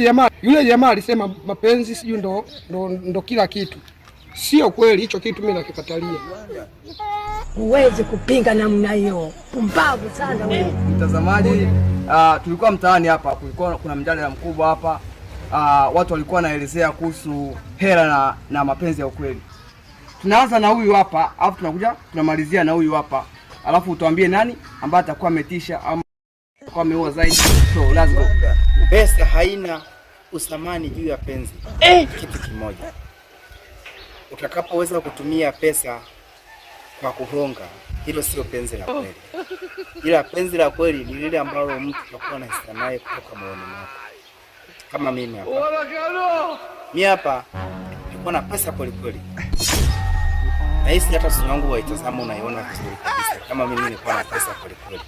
Jamaa yule jamaa alisema mapenzi sijui ndo, ndo, ndo kila kitu. Sio kweli hicho kitu, mimi nakikatalia. Huwezi kupinga namna hiyo, pumbavu sana wewe. Mtazamaji, uh, tulikuwa mtaani hapa, kulikuwa kuna mjadala mkubwa hapa uh, watu walikuwa wanaelezea kuhusu hela na, na mapenzi ya ukweli. Tunaanza na huyu hapa, alafu tunakuja tunamalizia na huyu hapa, alafu utuambie nani ambaye atakuwa ametisha ama wameua zaidi. So let's go. Pesa haina usamani juu ya penzi eh, kitu kimoja utakapoweza kutumia pesa kwa kuhonga, hilo sio penzi la kweli. Ila penzi la kweli ni lile ambalo mtu atakuwa na hisia naye kutoka moyoni mwako. Kama mimi hapa, mimi hapa nilikuwa na pesa kweli kweli, hisi hata simu yangu waitazama, unaiona vizuri kabisa. Kama mimi nilikuwa na pesa kweli kweli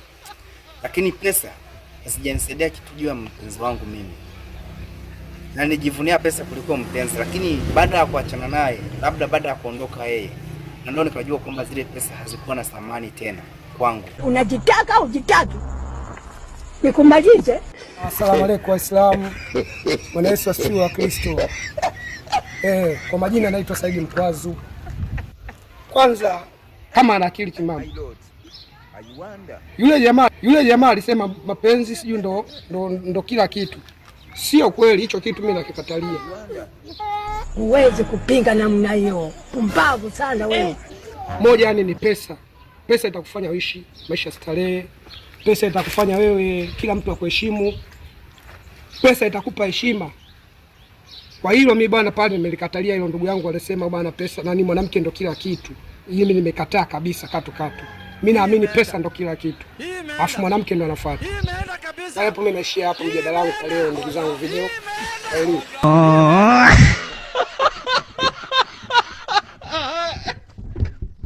lakini pesa hazijanisaidia kitu juu ya mpenzi wangu mimi, na nijivunia pesa kuliko mpenzi. Lakini baada ya kuachana naye, labda baada ya kuondoka yeye, na ndio nikajua kwamba zile pesa hazikuwa na thamani tena kwangu. Unajitaka ujitaki nikumalize. Asalamu alaykum Waislamu, Bwana Yesu asifiwe wa Kristo. Eh, kwa majina naitwa Saidi Mkwazu. Kwanza kama ana akili timamu yule jamaa yule jamaa alisema mapenzi sijui ndo, ndo, ndo kila kitu. Sio kweli hicho kitu, mimi nakikatalia. Huwezi kupinga namna hiyo, pumbavu sana wewe. Moja yani ni pesa, pesa itakufanya uishi maisha starehe, pesa itakufanya wewe kila mtu akuheshimu, pesa itakupa heshima. Kwa hilo mi bwana pale nimelikatalia hilo. Ndugu yangu alisema bwana, pesa nani, mwanamke ndo kila kitu. Mimi nimekataa kabisa, katukatu katu. Mi naamini pesa ndo kila kitu, alafu mwanamke ndo anafuata. Hapo mi naishia hapo mjadala wangu kwa leo, ndugu zangu, video